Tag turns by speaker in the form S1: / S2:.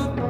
S1: Love.